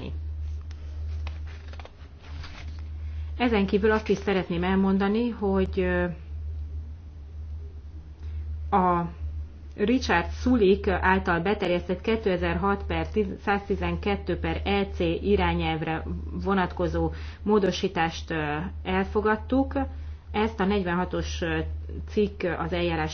javítani. Ezen kívül azt is szeretném elmondani, hogy a Richard Sulik által beterjesztett 2006 per 112 per EC irányelvre vonatkozó módosítást elfogadtuk. Ezt a 46-os cikk az eljárás